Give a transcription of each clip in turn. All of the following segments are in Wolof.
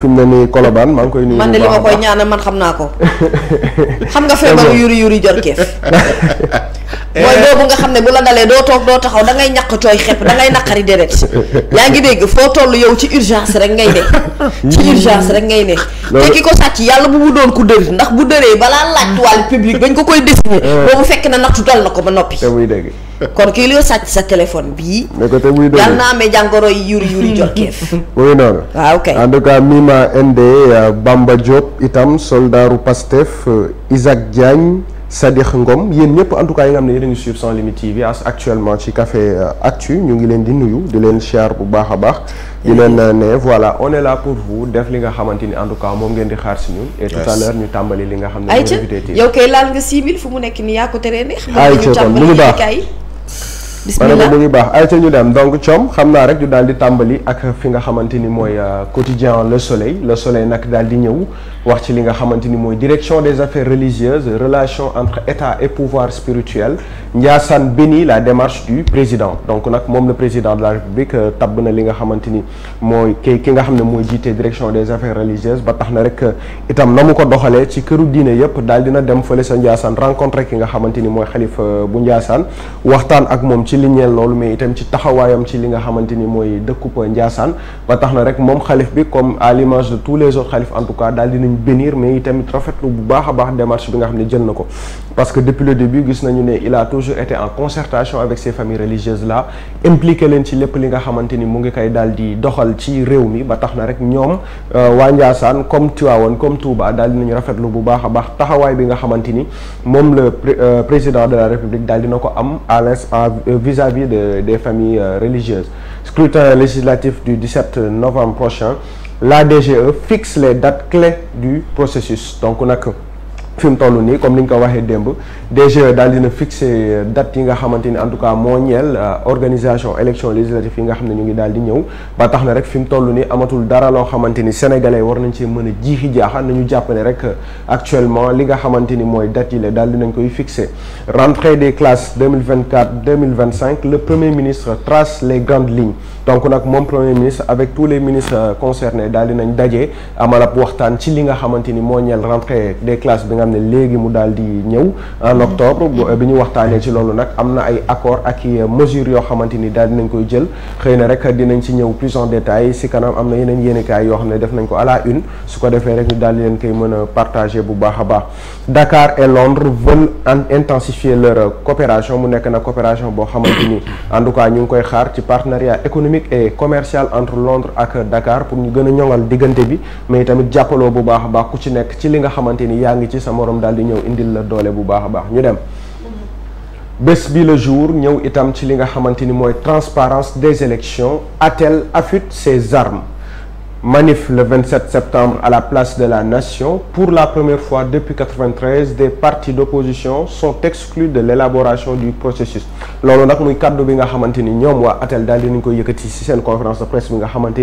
fi mu maa ngi koy nuyu. man de li ma koy ñaanal man xam naa ko. xam nga feebaru yuri yuri jor keef. mooy eh. boobu nga xam ne bu la dalee doo toog doo taxaw da ngay ñàkk tooy xepp da ngay naqari deret yaa ngi dégg foo toll yow ci urgence rek ngay ne ci urgence rek ngay ne te ki ko sàcc yàlla bu mu doon ku dër ndax bu dëree balaa laaj wàllu public bañ ko koy désigner eh. boobu fekk na nattu dal na ko ba noppi kon kii loo sàcc sa téléphone bii. ne ko te muy dëgg yàlla naa amee jàngoro yi yuri yuri jot keef. muy noonu. Ah, waaw kay en tout cas Mima Inde euh, Bamba Diop itam soldaaru Pastef euh, Isaac Diagne. Sadikh Ngom yéen ñëpp en tout cas yi nga xam ne yéen a ngi suivre Sans Limites TV actuellement ci Café euh, Actu ñu ngi leen di nuyu di leen siyaar bu baax a baax. di leen ne voilà on est là pour vous def li nga xamante ni en tout cas moom ngeen di xaar si ñun. et tout à l'heure ñu tàmbali li nga xam ne. ayca yow kay laal nga 6000 fu mu nekk nii yaa bismillah ma ne ko baax ay ca ñu dem donc Thiam xam naa rek ñu daal di tàmbali ak fi nga xamante ni mooy euh, quotidien Le Soleil Le Soleil nag daal di ñëw. wax ci li nga xamante ni mooy direction des affaires religieuses relation entre état et pouvoir spirituel Ndiassane bénit la démarche du président donc nag moom la président de la république euh, tabb na li nga xamante ni mooy ki ki nga xam ne mooy jiite direction des affaires religieuses ba tax na rek euh, itam na mu ko doxalee ci këru diine yëpp daal dina dem fële sa Ndiassane rencontre ki nga xamante ni mooy xalif euh, bu Ndiassane waxtaan ak moom ci li loolu mais itam ci taxawaayam ci li nga xamante ni mooy dëkkub Ndiassane ba tax na rek moom xalif bi comme à bénir mais itamit rafetlu bu baax a baax démarche bi nga xam ne jël na ko parce que depuis le début gis nañu ne il a toujours été en concertation avec ces familles religieuses là impliqué leen ci lépp li nga xamante ni mu ngi koy daal di doxal ci réew mi ba tax na rek ñoom euh, waa Ndiassane comme Tivaouane comme Touba daal dinañu rafetlu bu baax a baax taxawaay bi nga xamante ni moom le euh, président de la République daal na ko am à euh, vis-à-vis de des familles religieuses scrutin législatif du 17 novembre prochain la DGE fixe les dates clés du processus donc nag fi mu toll nii comme ni ñu ko waxee démb DGE daal dina fixé date yi nga xamante ni en tout cas moo ñeel euh, organisation élection législative yi nga xam ne ñu ngi daal di ñëw ba tax na rek fi mu toll ni amatul dara loo xamante ni sénégalais war nañ cee mën a jiixi jaaxa nañu jàpp ne rek euh, actuellement li nga xamante ni mooy date yi la daal dinañ koy fixé rentrée des classes 2024 2025 le premier ministre trace les grandes lignes donc nag moom premier ministre avec tous les ministres euh, concernés daal dinañ daje amal ab waxtaan li nga xamante ni moo ñeel rentrée des bi nga xam ne léegi mu daal di ñëw en octobre bi ñu waxtaanee ci loolu nag am na ay accord ak i mesures yoo xamante ni daal nañ koy jël xëy na rek dinañ ci ñëw plus en détail si kanam am na yeneen yéenekaay yoo xam ne def nañ ko à la une su ko defee rek ñu daal di leen koy mën a partager bu baax a baax dakaar et Londres veulent intensifier leur coopération mu nekk na coopération boo xamante nii en tout cas ñu ngi koy xaar ci partenariat économique et commercial entre Londres ak Dakar pour ñu gën a ñoŋal diggante bi mais tamit jàppaloo bu baax a baax ku ci nekk ci li nga xamante ni yaa ngi ci sa daal di ñëw indil la doole bu baax a baax ñu dem bés bi le jour ñëw itam ci li nga xamante ni mooy transparence des élections a-t-elle affûté armes Manif le 27 septembre à la place de la Nation. Pour la première fois depuis 1993, des partis d'opposition sont exclus de l'élaboration du processus. loolu nag muy kàddu bi nga xamante ni ñoom waa ATEL daal dinañ ko yëkkati ci seen conférence de presse bi nga xamante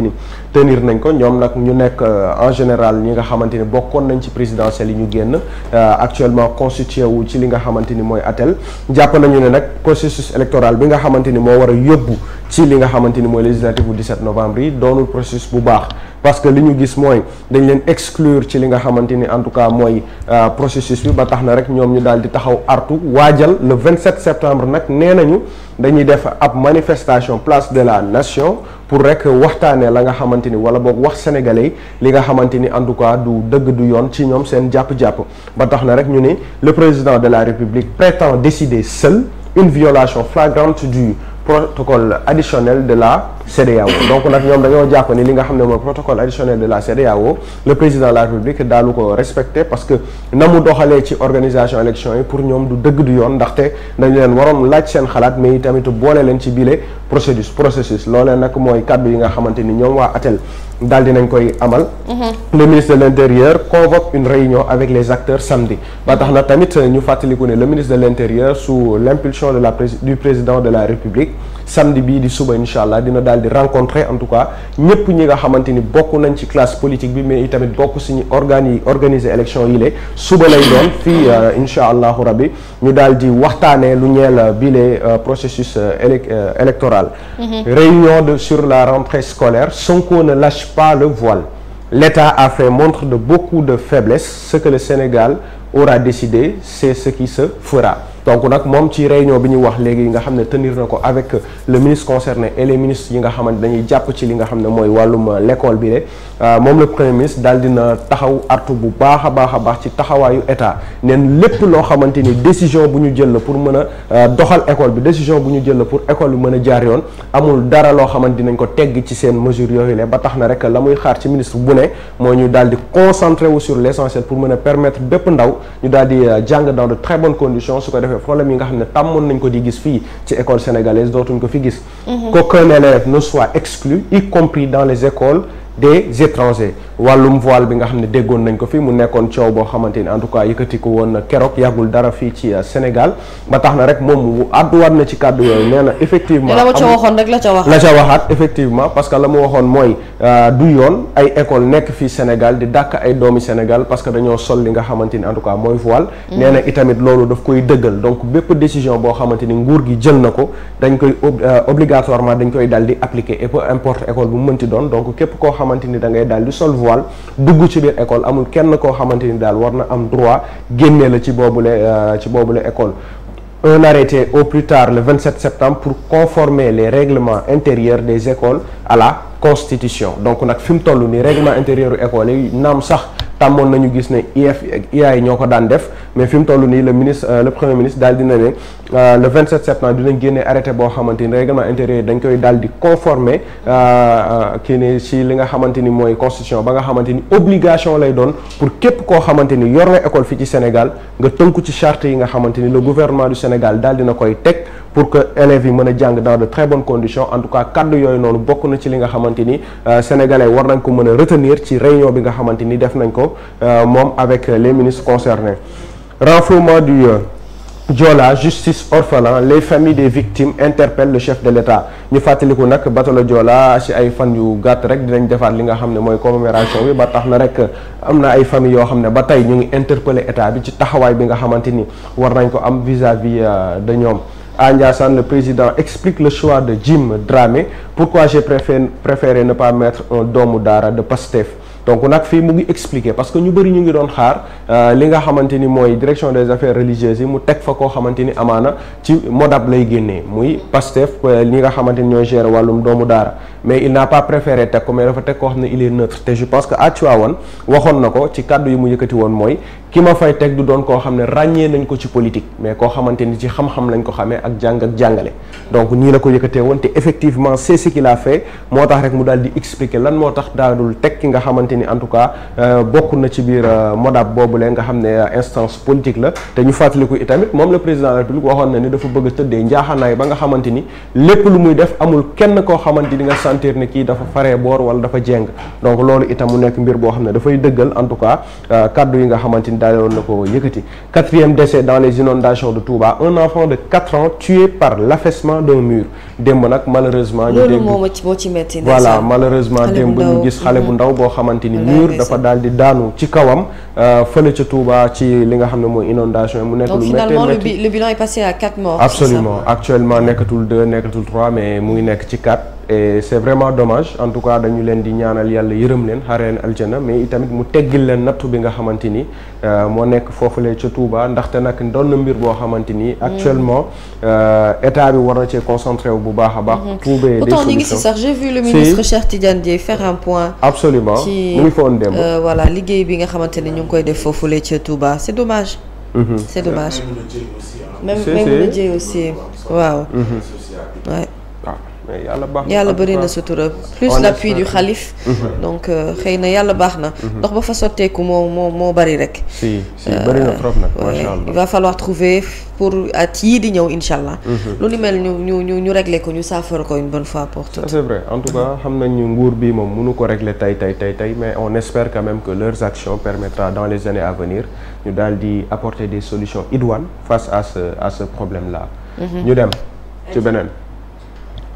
tenir nañ ko ñoom nag ñu nekk euh, en général ñi nga xamante ni bokkoon nañ ci présidentielle yi ñu génn euh, actuellement constitué wu ci li nga xamante ni mooy ATEL jàpp nañu ne nag processus électoral bi nga xamante ni moo war a ci li nga xamante ni mooy législative bu 17 novembre yi doonul processus bu baax. parce que li ñu gis mooy dañ leen exclure ci li nga xamante ni en tout cas mooy euh, processus bi ba tax na rek ñoom ñu daal di taxaw artu waajal le 27 septembre nag nee nañu dañuy def ab manifestation place de la nation pour rek waxtaanee la nga xamante ni wala boog wax sénégalais li nga xamante ni en tout cas du dëgg du yoon ci ñoom seen jàpp-jàpp ba tax na rek ñu ni le président de la république prétend décider seul une violation flagrante du protocole additionnel de la CEDEAO donc nag ñoom dañoo jàpp ni li nga xam ne mooy protocole additionnel de la CEDEAO le président de la République daalu ko respecté parce que na mu doxalee ci organisation élection yi pour ñoom du dëgg du yoon ndaxte dañu leen waroon laaj seen xalaat mais tamit boole leen ci bile procédure processus loolee nag mooy kàddu yi nga xamante ni ñoom waa ATEL di dinañ koy amal. Mm-hmm. le ministre de l'intérieur convoque une réunion avec les acteurs samedi ba tax na ne le ministre de l'intérieur sous l'impulsion de la du la République samedi daal di rencontrer en tout cas ñëpp ñi nga xamante ni bokk nañ ci classe politique bi mais itamit bokk suñu ñu yi organiser élection yi le suba lay doon fii euh, incha allahu rabbi ñu daal di waxtaanee lu ñeel euh, bile euh, processus électoral mm-hmm. réunion de sur la rentrée scolaire Sonko ne lâche pas le voile L'État a montre de beaucoup de faiblesses. Ce Sénégal aura décidé, c'est ce qui se fera. donc nag moom ci réunion bi ñu wax léegi nga xam ne tenir na ko avec le ministre concerné et les ministres yi nga xamante dañuy jàpp ci li nga xam ne mooy wàllum l'école bi de euh, moom le premier ministre daal dina taxaw artu bu baax a baax a baax ci taxawaayu état neen lépp loo xamante ni décision bu ñu jël la pour mën a euh, doxal école bi décision bu ñu jël la pour école bi mën a jaar yoon amul dara loo xamante dinañ ko tegg ci seen mesure yooyu le ba tax na rek la muy xaar ci ministre bu ne moo ñu daal di concentré wu sur l'essentiel pour mën a permettre ndaw ñu daal di euh, jàng dans de très su ko defee jafe-jafe problème yi nga xam ne tàmmoon nañ ko di gis fii école sénégalaise dootuñ ko fi gis mhm. qu'aucun élève ne soit exclu y compris dans les écoles des étrangers wàllum voile bi nga xam ne déggoon nañ ko fii mu nekkoon coow boo xamante ni en tout cas yëkkati ko woon keroog yàggul dara fii ci euh, Sénégal ba tax na rek moom àdduwaat na ci kàddu yooyu nee na effectivement. la ma ca la ca la ca waxaat effectivement parce que la waxoon mooy euh, du yoon nekk fii Sénégal di dàkk ay doomi Sénégal parce que dañoo sol li nga xamante ni en tout cas mooy voile. Mm. nee na itamit loolu daf koy dëggal donc bépp décision boo xamante ni nguur gi jël na ko dañ koy euh, obligatoirement dañ koy dal di appliquer et peu importe école bu mu mënti doon donc képp koo xamante ni da daal di sol voile dugg ci biir école amul kenn koo xamante ni daal war na am droit génnee la ci boobule euh, ci boobule école un arrêté au plus tard le 27 septembre pour conformer les règlements intérieurs des écoles à la constitution donc nag fi mu toll nii règlement intérieur u école yi naam sax tàmmoon nañu gis ne IEF ak IA ñoo ko daan def mais fi mu toll nii le ministre euh, le premier ministre daal dina ne euh, le 27 septembre dinañ génne arrêté boo xamante ni règlement intérieur dañ koy daal di conformer euh, kii ne si li nga xamante ni mooy constitution ba nga xamante ni obligation lay doon pour képp koo xamante ni yor nga école fii ci Sénégal nga tënku ci charte yi nga xamante ni le gouvernement du Sénégal daal dina koy teg pour que élèves yi mën a jàng dans de très bonnes conditions en tout cas kaddu yooyu noonu bokk na ci li nga xamante ni war nañ ko mën a retenir ci réunion bi nga xamante ni def nañ ko moom avec les ministres concernés renflouement du euh, jola justice orphelin les familles des victimes interpellent le chef de l'État ñu fàttaliku nag batalo jola ci ay fan yu gàtt rek dinañ defaat li nga xam ne mooy commémoration bi ba tax na rek euh, am na ay famille yoo xam ne ba tey ñu ngi interpeller état bi ci taxawaay bi nga xamante ni war nañ ko am vis-à-vis euh, de ñoom. À Ndiassane président explique le choix de Jim Dramé pourquoi j'ai préféré préféré ne pas mettre un doomu daara de Pastef. donc nag fii mu ngi expliquer parce que ñu bëri ñu ngi doon xaar euh, li nga xamante ni mooy direction des affaires religieuses yi mu teg fa koo xamante ni amaana ci modab lay génnee muy Pastef li euh, nga xamante ni ñooy gérer wàllum doomu daara mais il n'a pas préféré teg ko mais dafa teg koo xam ne il est neutre te je pense que à Tivaouane waxoon na ko ci kàddu yi mu yëkkati woon mooy ki ma fay teg du doon koo xam ne ràññee nañ ko ci politique mais koo xamante ni ci xam-xam lañ ko xamee ak jàng ak jàngale donc nii la ko yëkkatee woon te effectivement c'est ce moo tax rek mu daal di expliquer lan moo tax daadul teg ki nga xamante ni en tout cas euh, bokk na ci biir euh, modab boobule nga xam ne euh, instance politique la te ñu fàttaliku itamit moom le président de la république waxoon na ni dafa bëgg tëddee njaaxanaay ba nga xamante ni lépp lu muy def amul kenn koo xamante ni nga sentir ne kii dafa fare boor wala dafa jeng donc loolu itam mu nekk mbir boo xam ne dafay dëggal en tout cas kaddu yi nga xamante ni daal woon na ko yëkkati quatrième décès dans les inondations de Touba un enfant de quatre ans tué par l'affaissement d'un mur démb nag malheureusement. ñu démb ñu gis xale bu mm-hmm. ndaw boo xamante ni mur dafa daal di daanu ci kawam euh, fële ca Touba ci li nga xam ne mooy inondation mu nekk lu métti donc le bilan est passé absolument actuellement nekkatul deux nekkatul trois mais mu nekk ci quatre. et c'est vraiment domage en tout cas dañu leen di ñaanal yàlla yërëm leen xare leen aljana mais itamit mu teggil leen nattu bi nga xamante ni euh, moo nekk foofulee ca Touba ndaxte nag doon na mbir boo xamante ni. Mm. actuellement euh, état bi war na cee concentré bu baax a baax. Mm-hmm. trouver des solutions pourtant ñu ngi si sax j'ai vu le ministre Cheikh Tidiane Dièye faire un point. absolument mu ngi fa woon démb euh, voilà liggéey bi nga xamante ni ñu ngi koy def foofulee ca Touba c'est dommage. Mm-hmm. c'est dommage même même aussi. mais yàlla baax na yàlla bëri na sutura plus l'appui du xalif. Mhm. donc euh, xëy na yàlla baax na. Mhm. ndox ba fa sotteeku moo moo moo bëri rek. si si euh, bëri na trop nag. macha allah falloir trouver pour at yii di ñëw incha allah. Mhm. lu ni mel ñu ñu ñu ñu régler ko ñu saafara ko une bonne fois pour toutes. c'est vrai en tout cas xam nañu nguur bi moom munu ko régler tey tey tey tey mais on espère quand même que leurs actions permettra dans les années à venir ñu daal di apporter des solutions idoines face à ce problème la ñu dem ci beneen.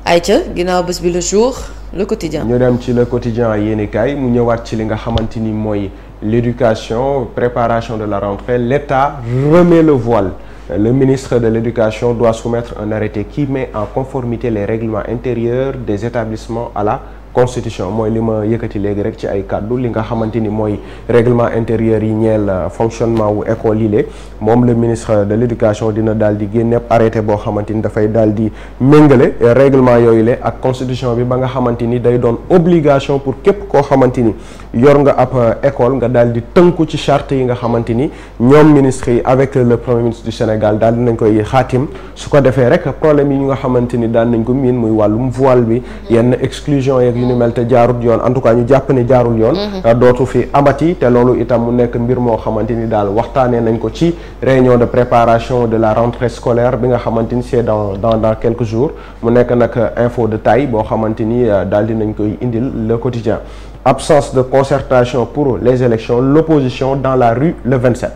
Aïcha ginnaaw bés bi le jour le quotidien. ñoo dem ci le quotidien yéenekaay mu ñëwaat ci li nga xamante ni mooy l'éducation préparation de la rentrée l'État remet le voile. Le ministre de l'Éducation doit soumettre un arrêté qui mais en conformité les règlements intérieurs des établissements à la constitution mooy li ma yëkkati léegi rek ci ay kàddu li nga xamante ni mooy règlement intérieur yi ñeel euh, fonctionnement wu école yi le moom le ministre de l' éducation dina daal di génne arrêté boo xamante ni dafay daal di méngale réglement yooyu le ak constitution bi ba nga xamante ni day doon obligation pour képp koo xamante ni yor nga ab euh, école nga daal di tënku ci charte yi nga xamante ni ñoom ministre yi avec le premier ministre du Sénégal daal dinañ koy xaatim su ko defee rek problème yi ñu nga xamante ni daan nañ ko miin muy wàllum voile bi yenn exclusion yeeg yu ni mel te jaarut yoon en tout cas ñu jàpp jaarul yoon mm-hmm. dootu fi amati te loolu itam mu nekk mbir moo xamante ni daal waxtaanee nañ ko ci réunion de préparation de la rentrée scolaire bi nga xamante ni c'est dans dans dans quelques jours mu nekk nag info de taille boo xamante ni euh, daal di nañ koy indil le quotidien absence de concertation pour les élections l'opposition dans la rue le 27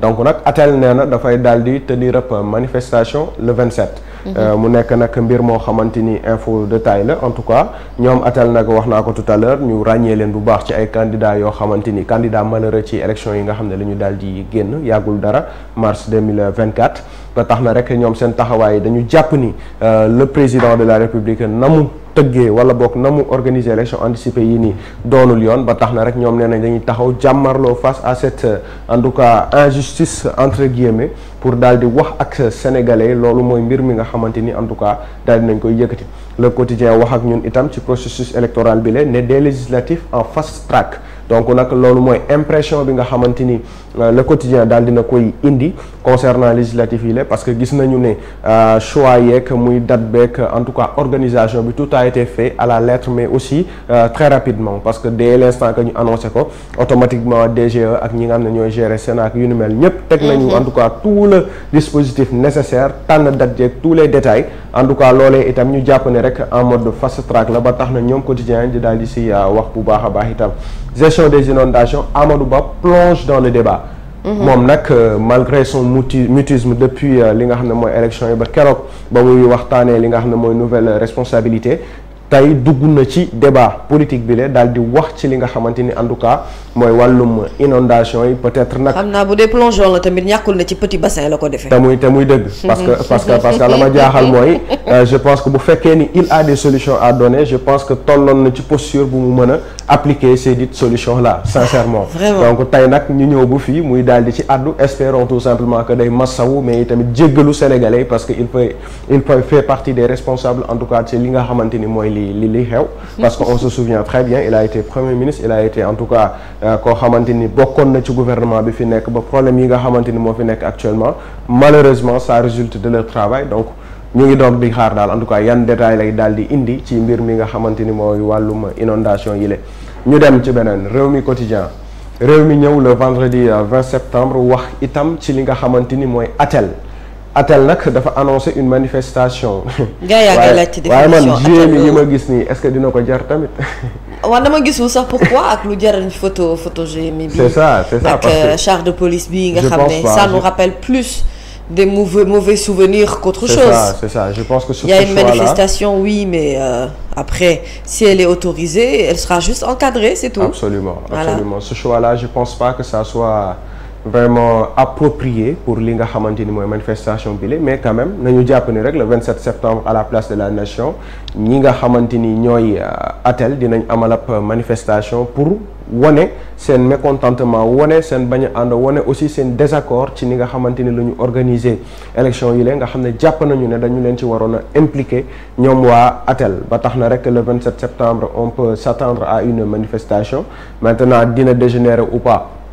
donc nag atel nee dafay daal di tenir ab manifestation le 27 Euh, mu nekk nag mbir moo xamante ni info de taille la en tout cas ñoom atal nag wax naa ko tout ñu ràññee leen bu baax ci ay candidats yoo xamante ni candidat malheureux ci élection yi nga xam ne la ñu daal di génn yàggul dara mars 2024 ba tax na rek ñoom seen taxawaay dañu jàpp ni euh, le président de la république namu tëggee wala boog na mu organiser élection anticipée yi nii doonul yoon ba tax na rek ñoom nee nañ dañuy taxaw jàmmarloo face à cette euh, en tout cas injustice entre guillemets pour daal di wax ak sénégalais loolu mooy mbir mi nga xamante ni en tout cas daal di nañ koy yëkkati le quotidien wax ak ñun itam ci processus électoral bi la ne des législatives en fast track donc nag loolu mooy impression bi nga xamante ni euh, le quotidien daal dina koy indi concernant législatif yi la parce que gis nañu ne euh, choix yeeg muy date beeg en tout cas organisation bi tout a été fait à la lettre mais aussi euh, très rapidement parce que dès l'instant que ñu annoncé ko automatiquement DGE ak ñi nga xam ne ñooy gérer Sénat ak yu ni mel ñëpp teg nañu mhm. en tout cas tout le dispositif nécessaire tànn date yeeg tous les détails en tout cas loolee itam ñu jàpp ne rek en mode fast track la ba tax na ñoom quotidien di daal di si wax bu baax a baax itam gestion des inondations Amadou Ba plonge dans le débat mhm. moom nag euh, malgré son mutisme depuis euh, li nga xam ne mooy élection yi ba keroog ba muy waxtaanee li nga xam ne mooy nouvelle responsabilité tey dugg na ci débat politique bi la daal di wax ci li nga xamante ni en tout cas mooy wàllum inondation yi peut-être nag. xam naa bu dee plongeon la tamit ñàkkul na ci petit bassin la ko defee. te muy te muy dëgg. parce que parce que parce la ma jaaxal mooy euh, je pense que bu fekkee ni il a des solutions à donner je pense que tolloon na ci posture bu mu mën appliquer ces dites solutions là sincèrement. donc tey nag ñu ñëw bu fii muy daal di ci àddu espérons tout simplement que day massawu mais tamit jéggalu sénégalais parce li li li xew parce que on se souvient très bien il a été premier ministre il a été en tout cas euh, koo xamante ni bokkoon na ci gouvernement bi fi nekk ba problème yi nga xamante moo fi nekk actuellement malheureusement ça résulte de leur travail donc ñu ngi doon di xaar daal en tout cas yan détail lay daal di indi ci mbir mi nga xamante mooy wàllum inondation yi la ñu dem ci beneen réew mi quotidien réew mi ñëw le euh, septembre wax itam ci li nga xamante ni mooy atel atel nag dafa annoncé une manifestation. gaa yaa ngi laaj ci définition waaye man GMI yi ma gis nii est-ce que dina ko jar tamit. dama gisul sax pourquoi ak lu jaral photo photo GMI bi. c'est ça c'est ça parce euh, que ak de police bii nga xam ça nous rappelle plus. des mauvais mauvais souvenirs qu'autre chose. C'est ça, c'est ça. Je pense que sur Il y a une manifestation, oui, mais euh, après, si elle est autorisée, elle sera juste encadrée, c'est tout. Absolument, absolument. Voilà. Ce choix-là, je pense pas que ça soit vraiment approprié pour li nga xamante ni mooy manifestation bi la mais quand même nañu jàpp ni rek le 27 septembre à la place de la nation ñi nga xamante ni ñooy euh, atel dinañ amal ab manifestation pour wane seen mécontentement wane seen bañ a ànd wane aussi seen désaccord ci ni nga xamante ni la ñu organiser élection yi la nga xam ne jàpp nañu ne dañu leen ci waroon a impliqué ñoom waa atel ba tax na rek le 27 septembre on peut s'attendre à une manifestation maintenant dina dégénérer ou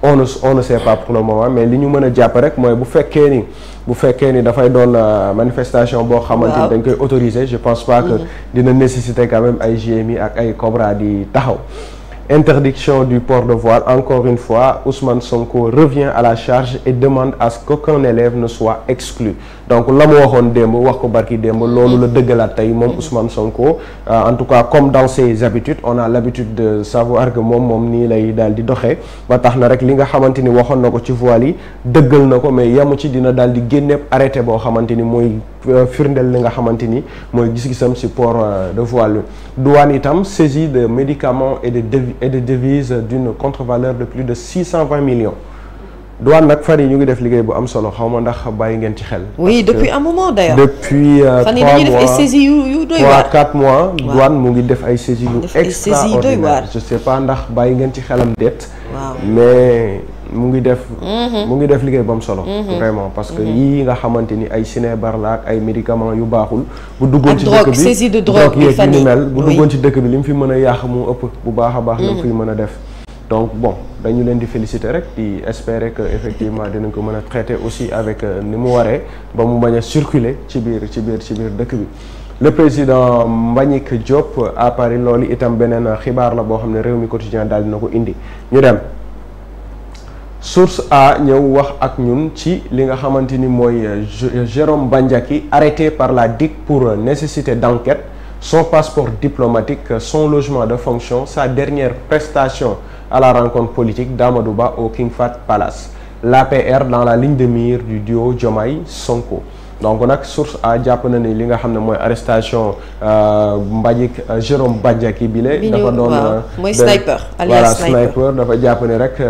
on ne on ne sait pas pour le mais li ñu mën a jàpp rek mooy bu fekkee ni bu fekkee ni dafay doon euh, manifestation boo xamante ni dañ koy autoriser je pense pas que mhm. dina nécessiter quand même ay GMI ak ay Cobra di taxaw Interdiction du port de voile, encore une fois, Ousmane Sonko revient à la charge et demande à ce qu'aucun élève ne soit exclu. donc la mu waxoon démb wax ko barki démb loolu la dëggalaat tey moom Ousmane Sonko euh, en tout cas comme dans ses habitudes on a l'habitude de savoir que moom moom nii lay daal di doxee ba tax na rek li nga xamante ni waxoon na ko ci voile yi dëggal na ko mais yamu ci dina daal di génneeb arrêté boo xamante ni mooy Euh, firndeel li nga xamante ni mooy gis-gisam si port euh, de voile douane itam saisie de médicaments et de et de devises d'une contre de plus de six cent vingt millions. douane nag fan yi ñu ngi def liggéey bu am solo xawma ndax bàyyi ngeen ci xel. oui depuis un moment d'ailleurs. depuis euh, 3 mois def ay saisies yu yu doy waar 3 4 mois. douane mu ngi def ay saisies yu. extraordinaire je sais pas ndax bàyyi ngeen ci xelam déet. waaw mais. mu ngi def. Mhm. mu ngi def liggéey ba mu solo. Mhm. vraiment parce que mhm. yii nga xamante ni ay sinébar la ak ay médicaments yu baaxul. bu duggoon ci dëkk bi saisie de drogue yeeg yu ni mel ci dëkk bi li mu fi mën a yàq mu ëpp bu baax a baax. li mu mm. fiy mën a def. donc bon dañu leen di féliciter rek di espérer que effectivement dinañ ko mën a traité aussi avec euh, ni mu waree ba mu bañ a circuler ci biir ci biir ci biir dëkk bi. le président Mbagnick Diop à Paris loolu itam beneen xibaar la boo xam ne réew mi quotidien daal dina ko indi ñu dem. source a ñëw wax ak ñun ci li nga xamante ni mooy euh, euh, Jérôme Bandiaky arrêté par la DIC pour euh, nécessité d'enquête son passeport diplomatique son logement de fonction sa dernière prestation à la rencontre politique d'Amadou Ba au King Palace l'APR dans la ligne de mire du dio Diomaye Sonko donc nag source a jàpp na ni li nga xam ne mooy arrestation euh, Mbagnick euh, Jérôme Bandiaky bile dafa doon euh, mooy sniper voilà sniper dafa jàpp ni rek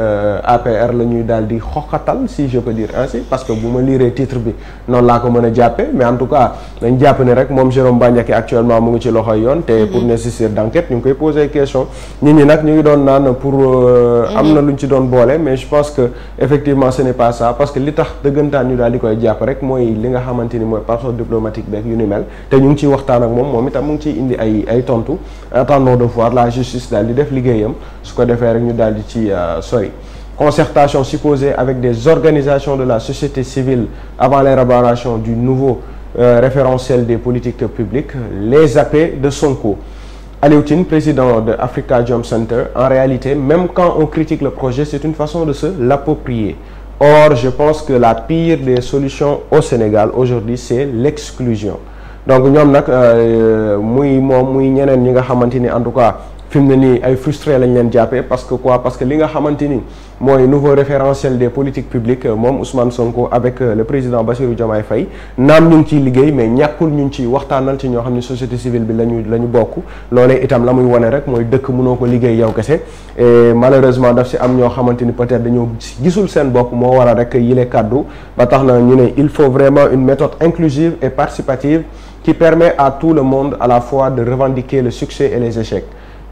APR la ñuy daal di xoqatal si je peux dire ainsi parce que bu ma liiree titre bi noonu laa ko mën a jàppee mais en tout cas dañ jàpp ni rek moom Jérôme Bandiaky actuellement mu ngi ci loxoy yoon te pour mhm. nécessaire d'enquête ñu ngi koy poser question nit ñi nag ñu ngi doon naan pour am na mhm. lu ñu ci doon boole mais je pense que effectivement ce n'est parce que li tax dëggantaan ñu daal di koy jàpp rek mooy xamante ni mooy passeport diplomatique beeg yu ni mel te ñu ngi waxtaan ak moom moom itam mu ngi indi ay ay tontu attendons de voir la justice daal di def liggéeyam su ko defee rek ñu daal di ci euh, sori. concertation supposée avec des organisations de la société civile avant l'élaboration du nouveau euh, référentiel des politiques publiques les AP de Sonko Aliou Tine président de Africa Jom Center en réalité même quand on critique le projet c'est une façon de se l'approprier Or, je pense que la pire des solutions au Sénégal aujourd'hui c'est l'exclusion donc ñoom nag euh, muy moom muy ñeneen ñi nga xamante ni en tout cas fi mu ne nii ay frustré lañ leen jàppee parce que quoi parce que li nga xamante ni mooy nouveau référentiel des politiques publiques euh, moom Ousmane Sonko avec euh, le président Bassirou Diomaye Faye naam ñu ngi ciy liggéey mais ñàkkul ñu ngi ciy waxtaanal ci ñoo xam ne société civile bi la ñu la ñu bokk loolee itam la muy wane rek mooy dëkk mënoo ko liggéey yow kese et malheureusement daf si am ñoo xamante ni peut-être dañoo gisul seen bopp moo war a rek yile kàddu ba tax na ñu ne il faut vraiment une méthode inclusive et participative qui à tout le monde à la fois de revendiquer le succès et les échecs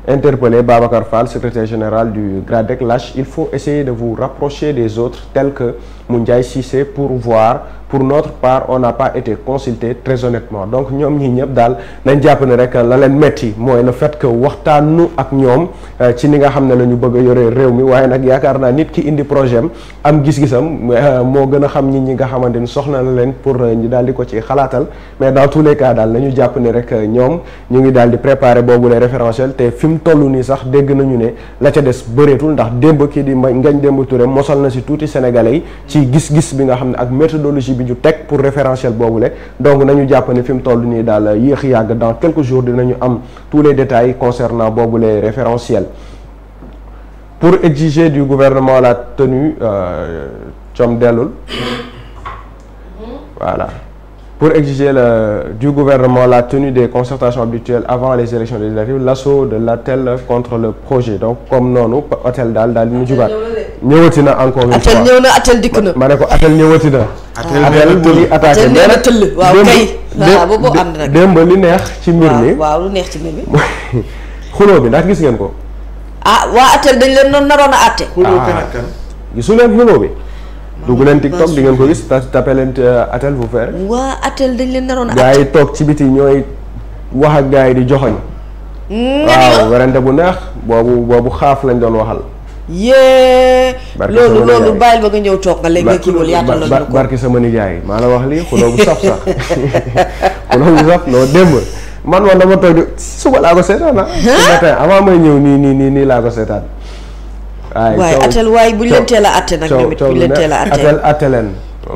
interpellé Babacar Fall secrétaire général du GRADEC lâche il faut essayer de vous rapprocher des autres tels que Moundiaye Cissé pour voir pour notre part on n'a pas été consulté très honnêtement donc ñoom ñi ñëpp daal nañ jàpp ne rek la leen metti mooy le fait que waxtaanu ak ñoom euh, ci ni nga xam ne la ñu bëgg a yore réew mi waaye nag yaakaar naa nit ki indi projet am gis-gisam euh, moo gën a xam ni ñi nga xamante ni soxla na leen pour euh, ñu daal di ko ci xalaatal mais dans tous les cas daal nañu jàpp ni rek ñoom ñu ngi daal di préparer boobu les référentiel te fi mu toll nii sax dégg nañu ne la ca des bëreetul ndax démb kii di Ngagne Demba Touré mosal na si tuuti sénégalais ju teg pour référentiel boobule donc nañu jàpp ne fi mu toll nii daal yéex yàgg dans quelques jours dinañu am tous les détails concernant boobule référentiel pour exiger du gouvernement la tenue comme euh, dellul voilà pour exiger le, du gouvernement la tenue des concertations habituelles avant les élections législatives l'assaut de l'ATEL contre le projet donc comme noonu ATEL daal daal di ñu jugaat ñëwati na encore une fois dikk na ma ne ko ATEL ñëwati na ATEL mu ngi attaqué li neex ci mbir mi waaw lu neex ci mbir mi bi ndax gis ngeen ko ah waa ATEL dañ leen noonu naroon a àtte xuloo kan ah. bi dugg leen TikTok di ngeen ko gis tapé leen euh, atel vous faire. waa atel dañ leen naroon a. gars yi toog ci biti ñooy wax ak gars yi di joxoñ mm, waaw werante bu neex boobu boobu xaaf lañ doon waxal. yee loolu loolu bàyyil ba nga ñëw toog nga léegi nga kii barki sama nijaay maa la wax lii xuloo bu saf sax xuloo bu saf noo démb man man dama toog di suba laa ko seetaan ah. ce matin avant may ñëw nii nii nii nii laa ko seetaan. waaye atel waaye buñ leen teel a atte nag tamit buñ leen teel atel atte leen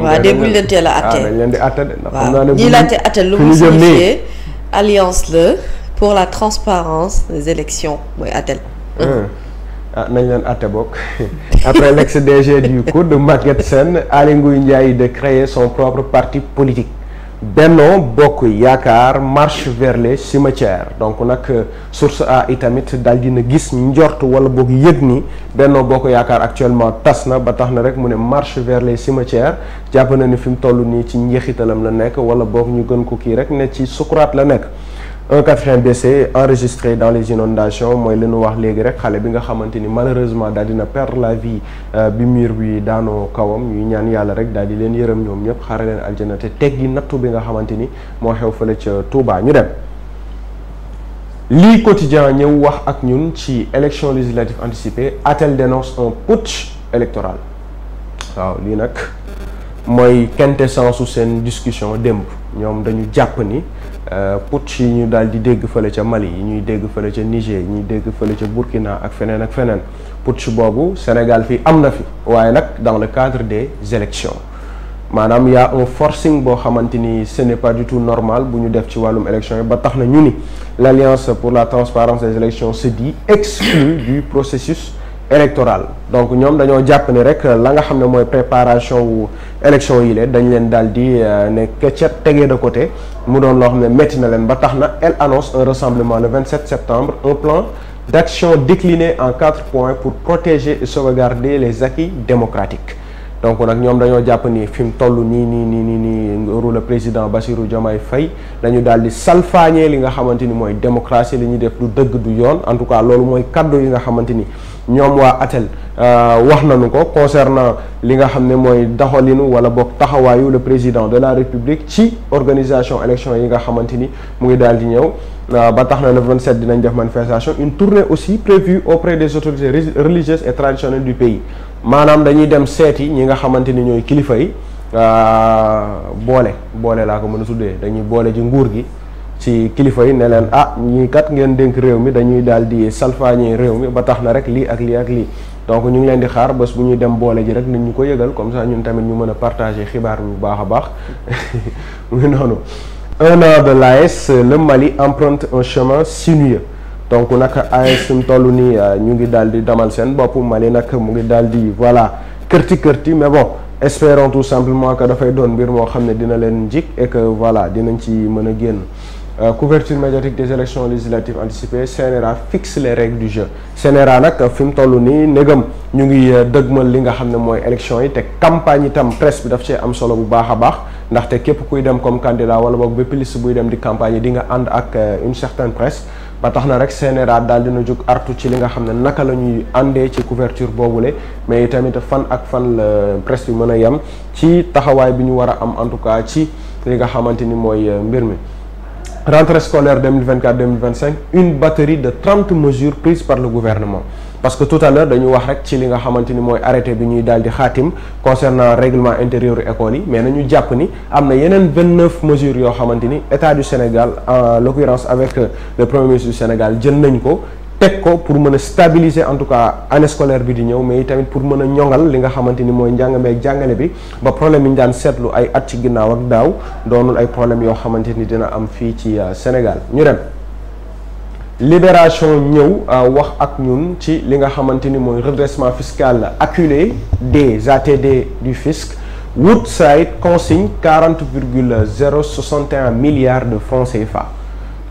waaw de buñ leen teel a ah, atte dañ leen atel lu mu signifié alliance la pour la transparence des élections mooy atel ah nañ leen atte bokk après l'ex DG du COUD Maguette Sène Aly Ngouille de créer son propre parti politique Benno Bokk Yaakaar marche vers les cimetières donc nag euh, source a itamit daal dina gis njort wala boog yëg ni Benno Bokk Yaakaar actuellement tas na ba tax na rek mu ne marche vers les cimetières jàpp na ni fi mu toll nii ci njeexitalam la nekk wala boog ñu gën ko kii rek ne ci sukuraat la nekk un Kaffrine blessé enregistré dans les inondations mooy li wax léegi rek xale bi nga xamante ni malheureusement daal dina perdre la vie euh, bi mur bi daanoo kawam ñuy ñaan yàlla rek daal di leen yërëm ñoom ñëpp xare leen aljana te teggi nattu bi nga xamante ni moo xew fële ca Touba ñu dem. lii quotidien ñëw wax ak ñun ci élection législative anticipée ATEL dénonce un putsch électoral waaw lii nag mooy quintessence su seen discussion démb ñoom dañu jàpp ni. Euh, putsch yi ñu daal di dégg fële ca Mali yi ñuy dégg fële ca Niger ñuy dégg fële ca Burkina ak feneen ak feneen putsch boobu Sénégal fii am na fi waaye nag dans le cadre des élections maanaam y a un forcing boo xamante ni ce n'est pas du tout normal bu ñu def ci wàllum élection yi ba tax na ñu ni l'Alliance pour la transparence des élections se dit exclue du processus électorale donc ñoom dañoo jàpp ni rek la nga xam ne mooy préparation wu élection yi leen dañu leen daal di euh, ne ca tegee de côté mu doon loo xam ne métti na leen ba tax na elle annonce un rassemblement le 27 septembre un plan d'action décliné en quatre points pour protéger et sauvegarder les acquis démocratiques donc nag ñoom dañoo jàpp ni fi mu toll nii nii nii nii nii nguuru le président Bassirou Diomaye Faye dañu daal di salfaañee li nga xamante ni mooy démocratie li ñuy def du dëgg du yoon en tout cas loolu mooy kaddu yi nga xamante ni ñoom waa ATEL euh, wax nañu ko concernant li nga xam ne mooy doxalinu wala boog taxawaayu le président de la république ci organisation élection yi nga xamante ni mu ngi daal di ñëw euh, ba tax na le 27 dinañ def manifestation une tournée aussi prévue auprès des autorités religieuses et traditionnelles du pays maanaam dañuy dem seeti ñi nga xamante ni ñooy kilifa yi euh, boole boole laa ko mën a tuddee dañuy boole ci nguur gi. ci kilifa yi ne leen ah ñii kat ngeen dénk réew mi dañuy daal di salfaañee réew mi ba tax na rek lii ak lii ak lii donc ñu ngi leen di xaar bés bu ñuy dem boole ji rek nit ñu ko yëgal comme ça ñun tamit ñu mën a partager xibaar bu baax a baax muy noonu. un an de l'AS le Mali emprunte un chemin sinueux donc nag AS suñ toll nii euh, ñu ngi daal di damal seen bopp Mali nag mu ngi daal di voilà kërti kërti mais bon. espérons tout simplement que dafay doon mbir moo xam ne dina leen njik voilà dinañ ci mën a génn Euh, couverture médiatique des élections législatives anticipées CNRA fixe les règles du jeu CNRA nag fi mu toll nii négam ñu ngi euh, dëgmal li nga xam ne mooy élection yi te campagne itam presse bi daf cee am solo bu baax a baax ndaxte képp kuy dem comme candidat wala boog bépp liste buy dem di campagne yi di nga ànd ak euh, une certaine presse ba tax na rek CNRA daal dina jóg artu ci li nga xam ne naka la ñuy àndee ci couverture boobule mais tamit fan ak fan la bi mën a yem ci taxawaay bi ñu war a am en tout cas ci li nga xamante ni mooy euh, mbir mi rentrée scolaire 2024-2025 une batterie de trente mesures prises par le gouvernement parce que tout à l'heure dañu wax rek ci li nga xamante ni mooy arrêté bi ñuy daal di xaatim concernant règlement intérieur école yi mais nañu jàpp ni am na yeneen vingt neuf mesures yoo xamante ni état du Sénégal en l'occurrence avec le premier ministre du Sénégal jël nañ ko teg ko pour mën a stabiliser en tout cas année scolaire bi di ñëw mais tamit pour mën a ñongal li nga xamante ni mooy njàng jàngale bi ba problème yi ñu daan seetlu ay at ci ginnaaw ak daaw doonul ay problème yoo xamante ni dina am fii ci euh, Sénégal ñu dem libération ñëw euh, wax ak ñun ci li nga xamante ni mooy redressement fiscal acculé des ATD du fisc Woodside consigne quarante virgule zéro soixante et un milliards de francs fa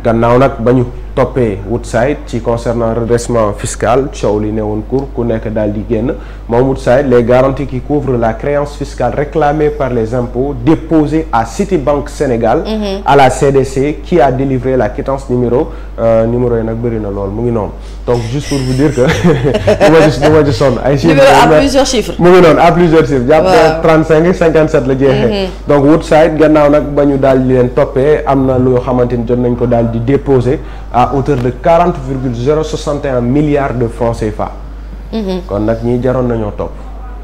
gannaaw nag ba ñu toppee Woodside ci concernant redressement fiscal coow li newoon cour ku nekk daal di génn moom Woodside les garanties qui couvrent la créance fiscale réclamée par les impôts déposés à Citibank Sénégal mmh. à la CDC qui a délivré la quittance numéro euh, numéro yi nag bëri na lool mu ngi noon donc juste pour vous dire que du ma du ma ci sonn ay chiffres à plusieurs chiffres mu ngi noonu à plusieurs chiffres jàpp 35 57 la jeexee mhm. donc Woodside gannaaw nag ba ñu daal di leen am na loo xamante ni jot nañ ko daal di déposé à de quarante virgule zéro soixante et un milliards de francs fa mhm. kon nag ñi jaroon nañoo topp.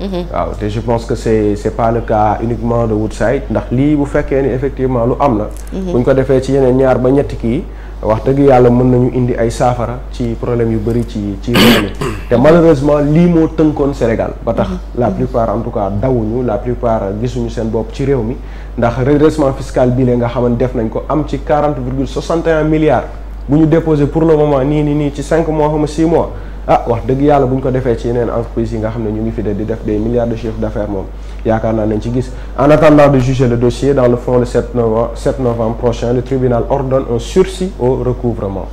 Mhm. waaw te je pense que c'est c'est pas le cas uniquement de Woodside ndax lii bu fekkee ni effectivement lu am na. Mhm. bu ñu ko defee ci yeneen ñaar ba ñetti kii. wax dëgg yàlla mën nañu indi ay saafara ci problème yu bëri ci ci réew mi te malheureusement lii moo tënkoon Sénégal ba tax la plupart en tout cas dawuñu la plupart gisuñu seen bopp ci réew mi ndax redressement fiscal bi la nga xamante def nañ ko am ci quarante virgule soixante et un milliards bu ñu déposé pour le moment nii nii nii ci cinq mois xama six mois ah wax dëgg yàlla bu ñu ko defee ci yeneen entreprise yi nga xam ne ñu ngi fi de di def des milliards de chiffres d'affaires moom yaakaar naa nañ ci gis en attendant de juger le dossier dans le fond le 7 novembre prochain le tribunal ordonne un sursis au recouvrement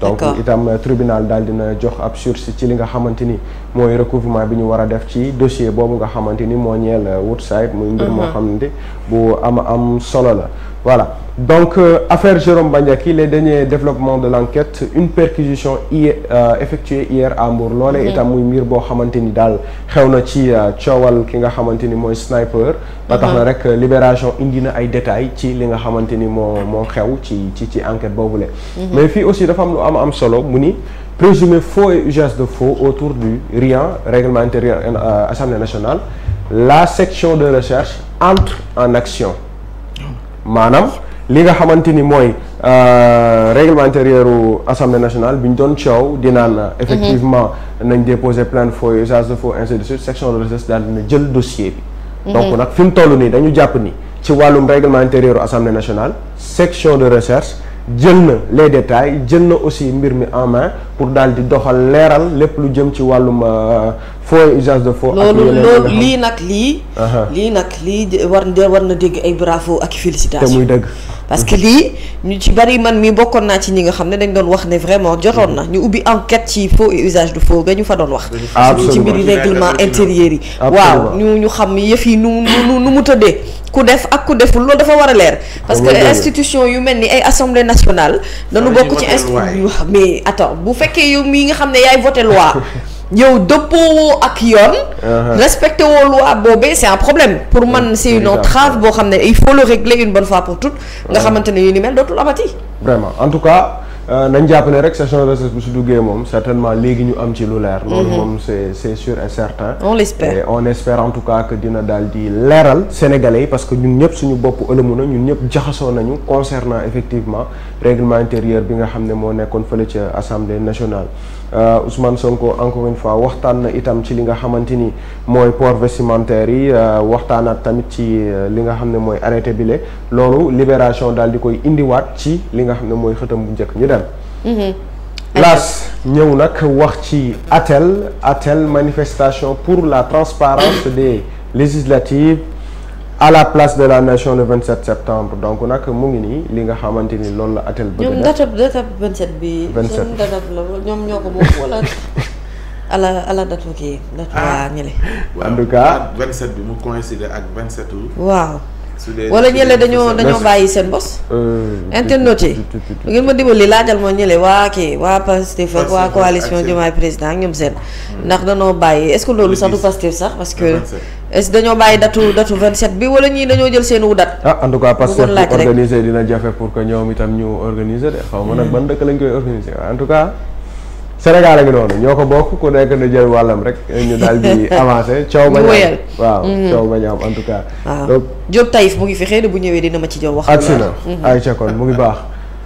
donc itam euh, tribunal daal dina jox ab sursis ci li nga xamante ni mooy recouvrement bi ñu war a def ci dossier boobu nga xamante ni moo ñeel euh, Woodside muy mbir moo mhm. xamante bu am solo la voilà donc euh, affaire Jérôme Bandiaky les derniers développements de l'enquête une perquisition hier euh, effectuée hier à Mbour loolee itam muy mbir boo xamante ni daal xew na ci euh, coowal ki nga xamante ni mooy sniper ba tax na mhm. rek euh, libération indi na ay détails ci li nga xamante ni moo moo xew ci ci ci enquête boobule mhm. mais fii aussi dafa am lu am am solo mu ni présumé faux et usage de faux autour du RIAN règlement intérieur Assemblée nationale la section de recherche entre en action maanaam li nga xamante ni mooy euh, règlement intérieur assemblée nationale bi ñu doon coow di naan euh, mhm. effectivement nañ déposer plainte faux usage de faux ainsi de suite section de recherche daal dina jël dossier bi mhm. donc nag fi mu toll nii dañu jàpp ni ci wàllum règlement intérieur assemblée nationale section de recerce jël na les détails jël na aussi mbir mi en main pour daal di doxal leeral lépp lu jëm ci wàllum euh, faux et usage de faux. loolu loolu lii nag lii. lii nag lii war war na dégg ay bravo ak félicitations te muy dëgg. parce que mhm. lii ñu ci bari man mi bokkoon naa ci ñi nga xam ne dañ doon wax ne vraiment jotoon na mhm. ñu ubbi enquête ci faux et usage de faux ga ñu fa doon wax ci mbiri règlement intérieur yi waaw ñu ñu xam yëf yi nu nu nu mu tëddee ku def ak ku deful loolu dafa war a leer parce que institution yu mel ni ay assemblée nationale dañu bokk ci institution mais attends bu fekkee yow mii nga xam ne yaay voté loi yow dëppoo ak yoon. Uh-huh. respecté woo loi boobee c' un problème pour man mm, c' est une entrave boo xam ne il faut le régler une bonne fois pour toutes. nga uh-huh. xamante ne yu ni mel dootul amati. vraiment en tout cas euh, nañ jàpp ne rek session de su duggee moom certainement léegi ñu am ci lu leer. Mm-hmm. loolu moom c' est et certain. on l' espère en tout cas que dina daal di leeral sénégalais yi parce que ñun ñëpp suñu bopp ëlëmu na ñun ñëpp jaxasoo nañu concernant effectivement règlement intérieur bi nga xam ne moo nekkoon fële ca assemblée nationale. Euh, Ousmane Sonko encore une fois waxtaan na itam ci li nga xamante ni mooy port vestimentaire yi euh, waxtaan waxtaanaat tamit ci euh, li nga xam ne mooy arrêté bi loolu libération daal di koy indiwaat ci li nga xam ne mooy xëtam bu njëkk ñu dem. Mhm. laas ñëw nag wax ci ATEL ATEL manifestation pour la transparence de législatives à la place de la nation le 27 septembre donc nag mu ngi nii li nga xamante ni loolu la atel bëgg ñoom date date 27 bi. 27 seen date la ñoom ñoo ko moom wala. ala ala date kii date waa ah. ñële. en tout cas 27 bi mu coïncider ak 27 waaw. wala ñële dañoo dañoo bàyyi seen bos. Euh, internet yi ngeen ma dimbali laajal ma ñële waa kii waa Pastef ak waa coalition Diomaye président ak ñoom seen. Hmm. ndax danoo bàyyi est-ce que loolu sax du Pastef sax parce que. est-ce dañoo bàyyi datu datu 27 bi wala ñii dañoo jël seenu dat. ah en tout cas parce que organiser dina jafe pour que ñoom itam ñu organiser de. xaw ma nag ban dëkk lañ koy organiser en tout cas. Sénégal a ngi noonu ñoo ko bokk wàllam rek ñu daal di avancer coow bañ am waaw mm-hmm. coow bañ tout cas. waaw donc Diop mu ngi fi xëy bu ñëwee dina ma ci jox wax. agsi na mm-hmm. ay ca kon mu ngi baax.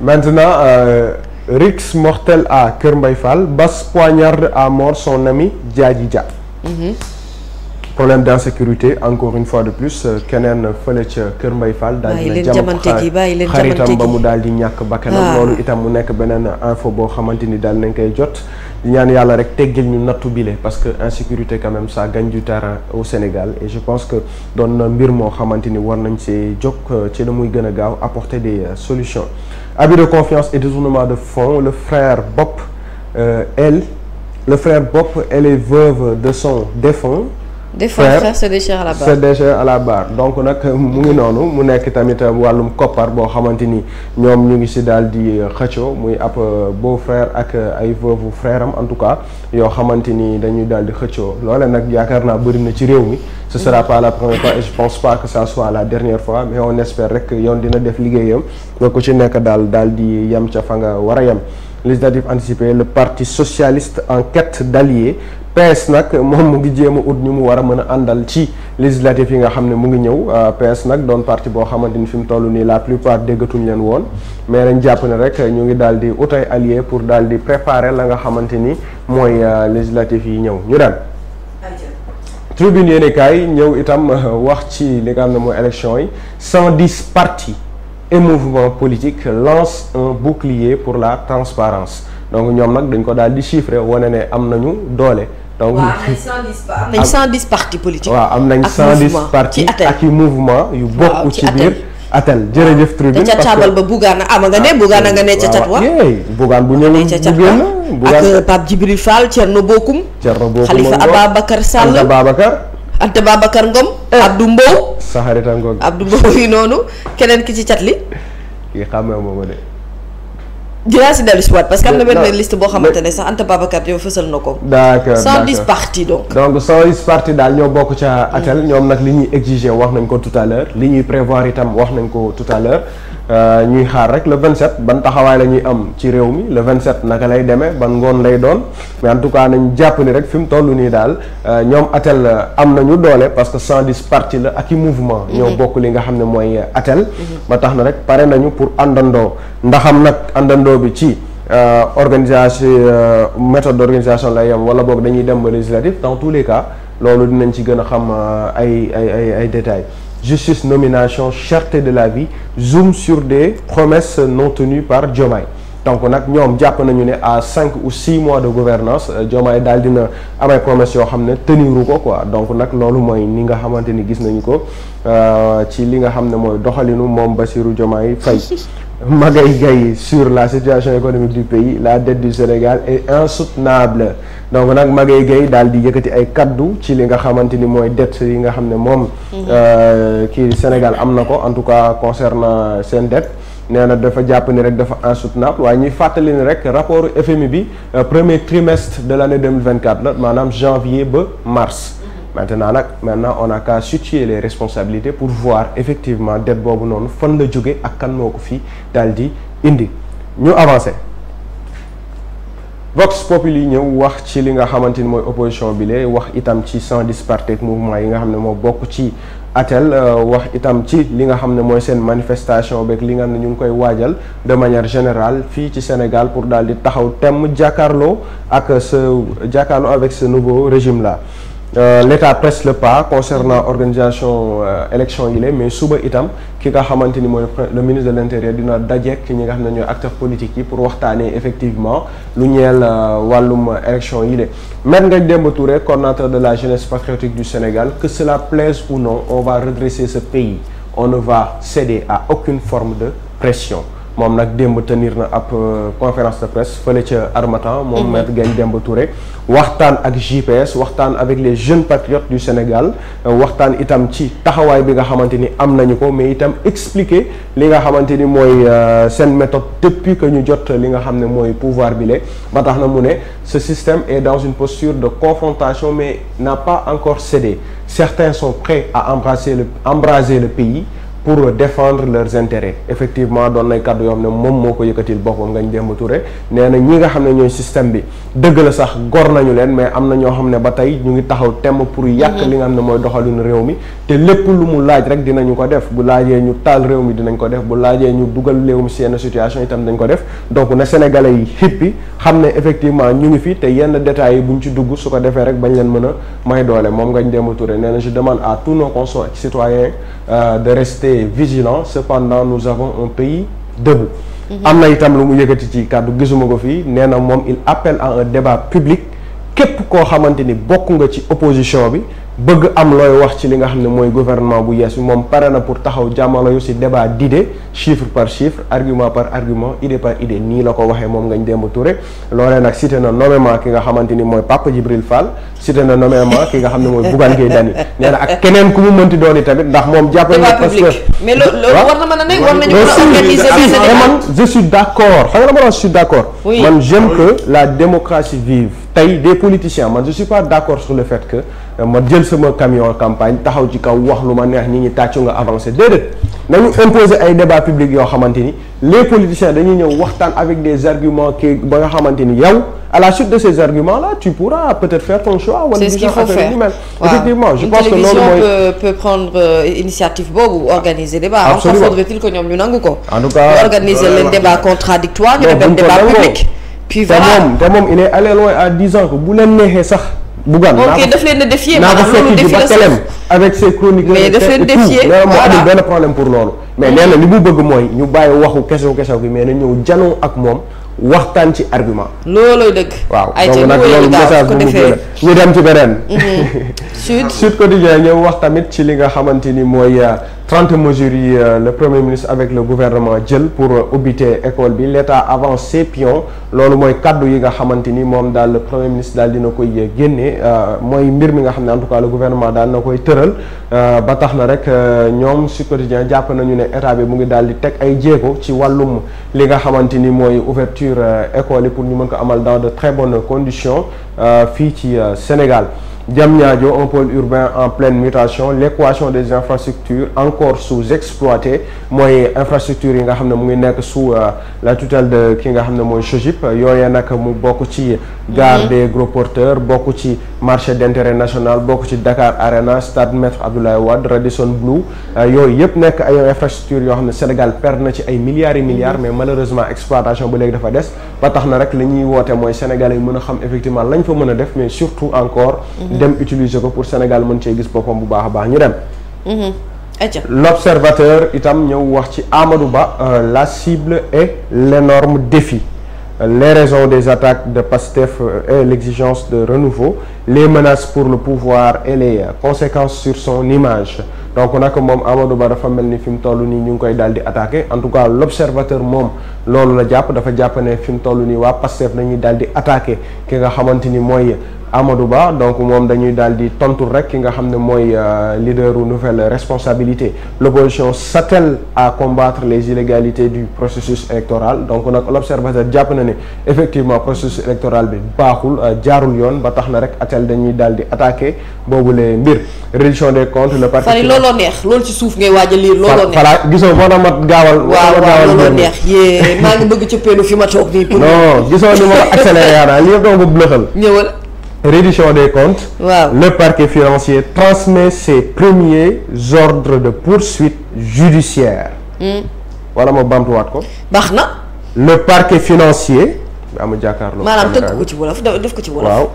maintenant euh, Rix mortel à Kër mbay Fall Basse poignarde à mort son ami Diadji Dia. Mm-hmm. problème d'insécurité encore une fois de plus euh, keneen fële ca Kër Mbay Fall daal dina jam xaritam ba mu daal di ñàkk bakkanam ah. loolu itam mu nekk beneen info boo xamante ni daal nañ koy jot di ñaan yàlla rek teggil ñu nattu bile parce que insécurité quand même ça gagne du terrain au Sénégal et je pense que doon na mbir moo xamante ni war nañ see jóg euh, ci la muy gën a gaaw apporter des euh, solutions abus de confiance et détournement de fonds le frère Bopp elle le frère Bopp elle est veuve de son défunt des fois frère se à la barre à la barre donc nag mu ngi noonu mu nekk tamit wàllum koppar boo xamante ni ñoom ñu ngi si daal di xëccoo muy ab euh, beau frère ak euh, ay veuve frère am en tout cas yoo xamante ni dañuy daal di xëccoo loole nag yaakaar naa bëri na ci réew mi. ce mm. sera pas la première fois et je que ça soit la dernière fois mais on espère rek yoon dina def liggéeyam nga ko ci nekk daal daal di yem ca fa nga war a yem. législative anticipée le parti socialiste en quête d'alliés PS nag moom mu ngi jéem a ut ñu mu war a mën a àndal ci législative yi nga xam ne mu ngi ñëw ah, PS nag doon parti boo xamante ni fi mu toll nii la plupart déggatuñ leen woon mais dañ jàpp ne rek ñu ngi daal di ut ay alliés pour daal di préparer la nga xamante ni mooy ah, législative yi ñëw ñu dem. tribune yéene ñëw itam ah, wax ci li nga xam ne mooy élection yi 110 et mouvement politique lance un bouclier pour la transparence donc ñoom nag dañ ko daal di chiffrer wane ne am nañu doole. donc waaw am nañ 110 partis politiques. waaw am nañ 110 partis ak yu mouvement yu bokk ci biir. atel jërëjëf tribune te ca caabal ba ah, Bougane a nga ne Bougane nga ne ca cat wa Bougane bu ñëwee ca cat wa ak euh, Pape Djibril Fall Thierno Bocoum Thierno Bocoum Khalifa Ababacar Sall Ababacar Anta Babacar Ngom. Eh. du Mbow. sa xarita Ngom Abdou Mbow yi noonu keneen ki ci cat li. kii xàmmee moom de. dinaa si dellu si waat parce que am na eh, benn liste boo xamante ne sax Anta Babacar yow fësal na ko. d'accord d'accord 110 donc. donc 110 daal ñoo bokk ca atel mm. ñoom nag li ñuy exiger wax nañ ko tout li ñuy prévoir itam wax nañ ko tout à Euh, ñuy xaar rek le 27 ban taxawaay la ñuy am ci réew mi le 27 naka lay demee ban ngoon lay doon mais en tout cas nañ jàpp ni rek fi mu toll nii daal euh, ñoom atel euh, am nañu doole parce que 110 parti la ak i mouvement. Mm-hmm. ñoo bokk li nga xam ne mooy atel. Mm-hmm. ba tax na rek pare nañu pour àndandoo ndaxam nag àndandoo bi ci. Euh, organisation euh, méthode d'organisation lay yem wala boog dañuy dem ba législatif dans tous les cas loolu dinañ ci gën a xam ay ay ay ay détails justice nomination cherté de la vie zoom sur des promesses non tenues par Diomaye donc nag ñoom jàpp nañu ne à cinq ou six mois de gouvernance euh, Diomaye daal dina am ay yoo xam ne teniru ko quoi donc nag loolu mooy ni nga xamante ni gis nañu ko euh, ci li nga xam ne mooy doxalinu moom Bassirou Diomaye Faye Magaye Gaye sur la situation économique du pays la dette du Sénégal est insoutenable donc nag Magaye Gaye daal di yëkkati ay kaddu ci li nga xamante ni mooy dette yi nga xam ne moom mhm. euh, kii Sénégal am na ko en tout cas concernant seen dette nee na dafa jàpp ni rek dafa insoutenable waaye ñuy fàttali ni rek rapport FMI bi euh, premier trimestre de l' année 2024 la maanaam janvier ba mars maintenant nag maintenant on a qu'à situer les responsabilités pour voir effectivement dette boobu noonu fan la jóge ak kan moo ko fi daal di indi ñu avancé Vox Populi yi ñëw wax ci li nga xamante ni mooy opposition bi lee wax itam ci sans dispartec mouvement yi nga xam ne moo bokk ci atel euh, wax itam ci li nga xam ne mooy seen manifestation beeg li nga xam ne ñu ngi koy waajal de manière générale fii ci Sénégal pour daal di taxaw temm jàkkaarloo ak ce jàkkaarloo avec ce nouveau Euh, l'état presse le pas concernant organisation euh, élection yi la mais suba itam ki nga xamante ni mooy le ministre de l'intérieur dina dajeek ñi nga xam ne ñooy acteurs politiques yi pour waxtaanee effectivement lu ñeel euh, wàllum élection yi la Maître Ngagne Demba Touré coordonnateur de la jeunesse patriotique du Sénégal que cela plaise ou non on va redresser ce pays on ne va céder à aucune forme de pression moom nag démb tenir na ab euh, conférence de presse fële ca Armatan moom mhm. maître Ngagne Demba Touré waxtaan ak gps waxtaan avec les jeunes patriotes du Sénégal euh, waxtaan itam ci taxawaay bi nga xamante ni am nañu ko mais itam expliquer li nga xamante ni mooy euh, seen méthode depuis que ñu jot li nga xam ne mooy pouvoir bi le ba tax na mu ne ce système est dans une posture de confrontation mais n'a pas encore cédé certains sont prêts à embrasser le embraser le pays pour défendre leurs intérêts effectivement doon nay kàddu yoo xam ne moom moo ko yëkkatil boppam na ñi nga ne ba tey ñu ngi taxaw temm pour yàq mm-hmm. li nga xam ne mooy doxalin réew mi te ko def bu laajee ñu taal réew mi dinañ ko def bu laajee ñu dugal réew mi seen situation itam dañ ko def donc na ñu ngi fi te yenn détails yi buñ ci dugg su ko defee rek bañ a may doole moom Ngagne euh, de rester rester vigilant cependant nous avons un pays debout am na itam lu mu yëkkati ci kàddu gisuma ko fii nee na moom il appelle à un débat public képp koo xamante ni bokk nga ci opposition bi bëgg am looy wax ci li nga xam ne mooy gouvernement bu yees bi moom pare na pour taxaw jàmmalo yu si débat d'idée chiffre par chiffre argument par argument idée par idée nii la ko waxee moom Ngagne Demba Touré loolee nag cité na nommément ki nga xamante ni mooy Pape Djibril Fall cité na nommément ki nga xam ne mooy Bougane Gueye Dany nee ak keneen ku mu mënti dooni tamit ndax moom jàppee na parce que mais loolu war man je que la démocratie vive tey des politiciens man je suis pas d'accord sur le fait que ma jël sama camion campagne taxaw ci kaw wax lu ma neex nit ñi tàccu nga avancé déedéet nañu imposer ay débat public yoo xamante ni les politiciens ñëw waxtaan avec des arguments qui ba nga xamante yow à la suite de ces arguments là tu pourras peut-être faire ton wala du genre affaire yu peut, prendre euh, initiative boobu organiser débat. absolument encore faudrait-il que ñoom ñu nangu ko. organiser euh, leen débat contradictoire ñu def débat public. Bougane naa ko daf leen a défier maanaam loolu défi la sax avec ses chroniques mais daf leen défier voilà moo amul benn problème pour loolu. mais nee na li mu bëgg mooy ñu bàyyi waxu kesew kesew bi mais na ñëw janoo ak moom waxtaan ci argument. loolooy dëgg. waaw donc nag loolu message bu mu gën a ñu dem ci beneen. Mhm. sud sud quotidien ñëw wax tamit ci li nga xamante ni mooy. Euh, 30 mesures yi euh, le premier ministre avec le gouvernement jël pour euh, ubbite école bi l'État avance ses pions loolu mooy kàddu yi nga xamante ni moom daal le premier ministre daal dina koy euh, génne mooy mbir mi nga xam ne en tout cas le gouvernement daal na koy tëral ba tax na rek ñoom su quotidien jàpp nañu ne état bi mu ngi daal di teg ay jéego ci wàllum li nga xamante ni mooy ouverture école yi pour ñu mën ko amal dans de très bonnes conditions fii ci Sénégal jam Diamniadio un pôle urbain en pleine mutation l'équation des infrastructures encore sous-exploitées mooy infrastructure yi nga xam ne mu ngi nekk sous euh, la tutelle de ki nga xam ne mooy SOGIP yooyee nag mu bokk ci gare mm-hmm. des gros porteurs bokk ci marché d'intérêt national bokk ci Dakar Arena stade Maître Abdoulaye Wade Radisson Blu euh, yooyu yëpp nekk ay infrastructure yoo xam ne Sénégal perd na ci ay milliards et milliards mais malheureusement exploitation ba léegi dafa des ba tax na rek li ñuy woote mooy Sénégal yi mën a xam effectivement lañ fa mën a def mais surtout encore mhm. dem utiliser ko pour Sénégal mën cee gis boppam bu baax a baax ñu dem mhm. l'observateur itam ñëw wax ci Amadou Ba euh, la cible et l'énorme défi les raisons des attaques de PASTEF euh, et l'exigence de renouveau, les menaces pour le pouvoir et conséquence euh, conséquences sur son image. donc nag moom Amadou Ba dafa mel ni fi mu toll nii ñu ngi koy daal di attaqué en tout cas l' observateur moom loolu la jàpp dafa jàpp ne fi mu toll nii waa PASTEF ñuy daal di attaqué ki nga xamante ni mooy. Amadou Ba donc moom dañuy daal di tontu rek ki nga xam ne mooy euh, leaderu nouvelle responsabilité l'opposition satel à combattre les illégalités du processus électoral donc nag l'observateur jàpp na ne effectivement processus électoral bi baaxul euh, jaarul yoon ba tax na rek atel dañuy daal di attaquer boobu les mbir réduction des comptes le parti looloo neex loolu ci suuf ngay waaj a liir looloo neex voilà gisoo moo tax ma gaawal waaw waaw looloo neex fi ma toog nii non reddition des comptes. waaw le parquet financier transmet ses premiers ordres de pour poursuite judiciaire. wala hmm. ma bamtuwaat ko. baax na. le parquet financier. am jàkkaarloo. maanaam tënk ko ci wolof def ko ci wolof. waaw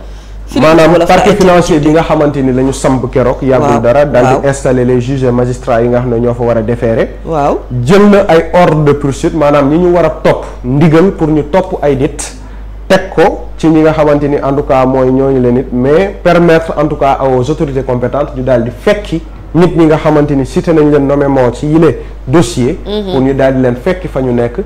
maanaam parquet financier bi nga xamante ni la ñu samp keroog. waaw yàggul dara daal di installer les juges et yi nga xam ne ñoo fa war a déférer. waaw jël na ay ordres de poursuite maanaam ñi ñu war a topp ndigal pour ñu topp ay nit. teg ko ci ñi nga xamante ni en tout cas mooy ñooñu leen nit mais permettre en tout cas aux autorités compétentes ñu daal di fekki nit ñi nga xamante ni cité nañ leen nommément ci yile dossier mhm. pour ñu daal di leen fekki fa ñu nekk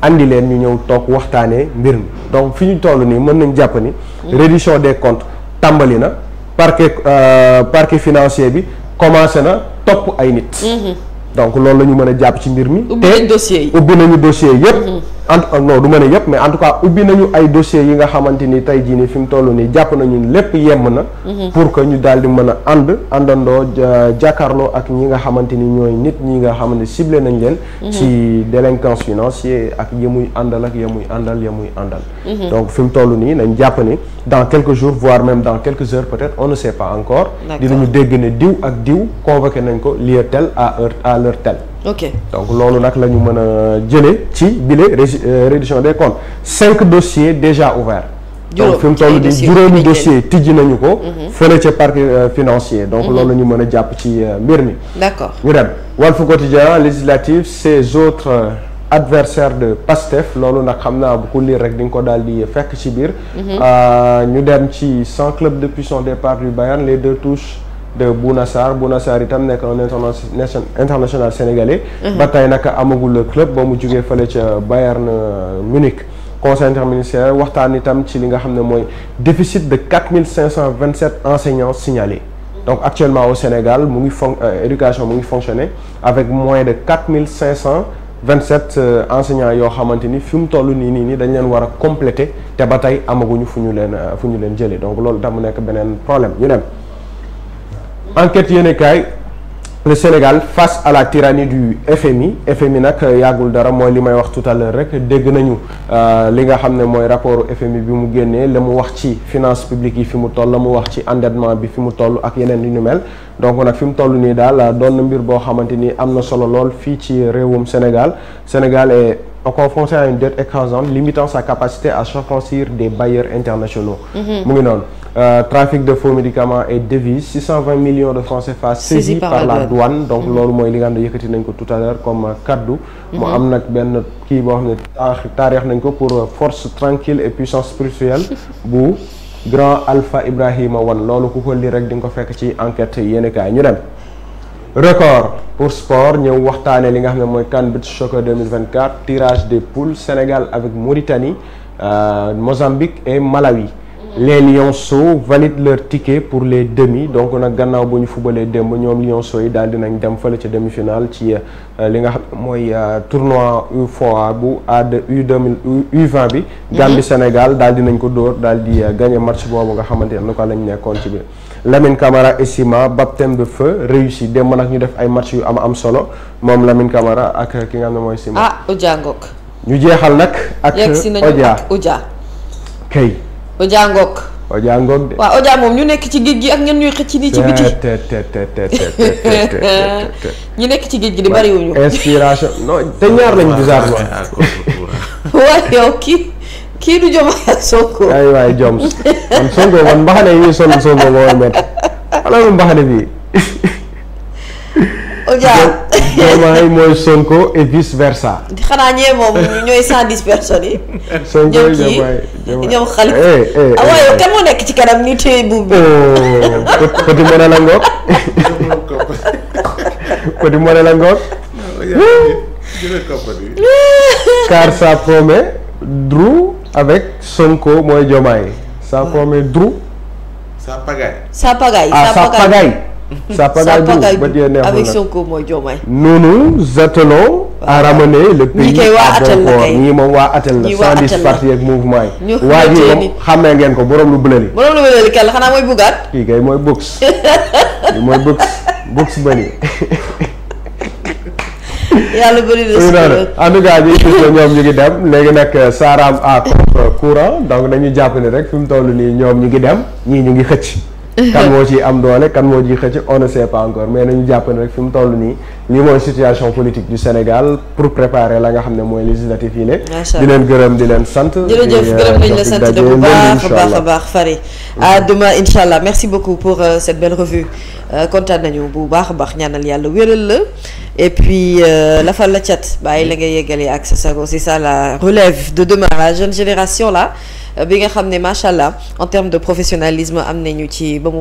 andi leen ñu ñëw toog waxtaanee mbir mi donc fi ñu toll nii mën nañ jàpp ni mhm. reddition des comptes tàmbali na parquet euh, parquet financier bi commencé na topp ay nit mhm. donc loolu la ñu mën a jàpp ci mbir mi te ubbi nañu dossier yépp en uh, non du ma ne yëpp mais en tout cas ubbi nañu ay dossiers yi nga xamante ni tey jii nii fi mu toll nii jàpp nañu lépp yemm na. Mm-hmm. pour que ñu daal di mën a ànd àndandoo jàkkaarloo ak ñi nga xamante ni ñooy nit ñi nga xamante ni ciblé nañ leen. Mm-hmm. ci délinquance financière ak ya muy àndal ak ya muy àndal ya muy àndal. Mm-hmm. donc fi mu toll nii nañ jàpp ni dans quelques jours voire même dans quelques heures peut-être on ne sait pas encore. dinañu dégg ne diw ak diw convoqué nañ ko lieu à heure à l'heure ok donc loolu nag la ñu mën a jëlee ci bile euh, reddition des comptes cinq dossiers déjà ouverts donc fi mu toll di juróomi dossier tijji nañu ko mhm. fële ca parquet euh, financier donc mhm. loolu ñu mën a jàpp ci euh, mbir mi d'accord ñu dem Walf Quotidien législative ces autres adversaire de Pastef loolu nag xam naa bu ko liir rek di nga ko daal di fekk ci biir mhm. ñu dem ci 100 clubs depuis son départ du Bayern les deux touches de Bouna Sarr Bouna Sarr itam nekk un international international sénégalais. Mhm. ba tey nag amagul le club ba mu jugee fële ca Bayern euh, Munich. conseil interministériel waxtaan itam ci li nga xam ne mooy déficit de quatre mille cinq cent vingt sept enseignants signalés. donc actuellement au Sénégal mu ngi fon euh, éducation mu ngi fonctionner avec moins de quatre mille cinq cent vingt sept euh, enseignants yoo xamante ni fi mu toll nii nii nii dañ leen war a compléter te ba tey amaguñu fu ñu leen fu ñu leen jëlee donc loolu itam mu nekk beneen problème ñu dem. enquête yéen kaay le Sénégal face à la tyrannie du FMI FMI nag euh, yàggul dara mooy li may wax tout à rek dégg nañu euh, li nga xam ne mooy rapport FMI bi mu génnee la mu wax ci finance publique yi fi mu toll la mu wax ci endettement bi fi mu toll ak yeneen yu nu mel donc nag fi mu toll nii daal euh, doon mbir boo xamante ni am na solo lool fii ci réewum Sénégal Sénégal en confronté à une dette écrasante limitant sa capacité à s'affranchir des bailleurs internationaux. Mhm. mu ngi noonu euh, trafic de faux médicaments et devises 620 millions de francs CFA saisis par, la douane donc mhm. loolu mooy li nga xam ne yëkkati nañ ko tout à l'heure comme euh, kaddu. mu mhm. am nag benn kii boo xam ne taarix nañ ko pour euh, force tranquille et puissance spirituelle bu grand Alpha Ibrahima Wan loolu ku ko lii rek di nga ko fekk ci enquête yéen kaay ñu dem. record pour sport ñëw waxtaanee li nga xam ne mooy CAN Beach Soccer 2024 tirage des poules Sénégal avec Mauritanie euh, Mozambique et Malawi. les so valident leur ticket pour les demi donc nag gannaaw bu ñu fubalee démb ñoom lionceaux yi daal dinañ dem fële ca demi-finale ci euh, li nga xam mooy euh, tournoi UFOA bu AD U deux mille U20 bi. Mhm. Gambie Sénégal daal dinañ ko dóor daal di euh, gagné match boobu nga xamante ne lu ko lañ nekkoon ci biir. Lamine Camara estima baptême de feu réussi démb nag ñu def ay match yu am am solo moom Lamine Camara ak ki nga xam ne mooy Sima. ah Odia Ngok. ñu jeexal nag. ak Odia Odia. kay. Odia Ngok. Odia Ngok de. waaw Odia moom ñu nekk ci géej gi ak ñenn ñuy ci nii ci biti. ñu nekk ci géej gi di bari te ñaar lañu bizarre quoi. waaw yow kii du Diomaye Sonko. ay waay Joms man Sonko man mbaxane yi ñuy Sonko moo war a métti xanaa mbaxane bi. Oja. Diomaye mooy Sonko et vice versa. xanaa ñee moom ñooy cent dix personnes yi. Sonko ñoom kii ñoom ah waaye te moo nekk ci kanam ñu téye buub bi. Oh, petit mën la ngoog. petit mën la ngoog. car ça promet avec Sonko mooy Diomaye. ça promet Drou. ça pagaille. sa pagaille ah ça ba tey neexul avec Sonko mooy Diomaye. nous le pays à bon port ñii moom waa Atel la. ñii waa ak mouvement yi. waa ji moom xàmmee ngeen ko borom lu bële. borom lu bële kenn xanaa mooy bugaat. kii kay mooy Bux. kii mooy Bux Bux Bani. yàlla bëri na suñu en tout cas ñoom ñu ngi dem léegi nag euh, saaraam à contre euh, courant donc dañuy jàpp ne rek fi mu toll nii ñoom ñu ngi dem ñii ñu ngi xëcc. kan moo ci am doole kan moo ci xëcc on ne pas encore mais nañu jàpp ne rek fi mu toll nii lii mooy situation politique du Sénégal pour préparer la nga xam ne mooy législative yi ne. di leen gërëm di leen sant. jërëjëf euh, gërëm nañ la sant de bu baax a baax a baax Fary. à mm-hmm. demain incha allah merci beaucoup pour cette bu baax a baax ñaanal yàlla wéral la. et puis lafal euh, la cat bàyyi la nga yeggale ak sa sago c'est ça la relève de demain la jeune génération là euh, bi nga xam ne macha allah en termes de professionnalisme am nañu ci ba mu.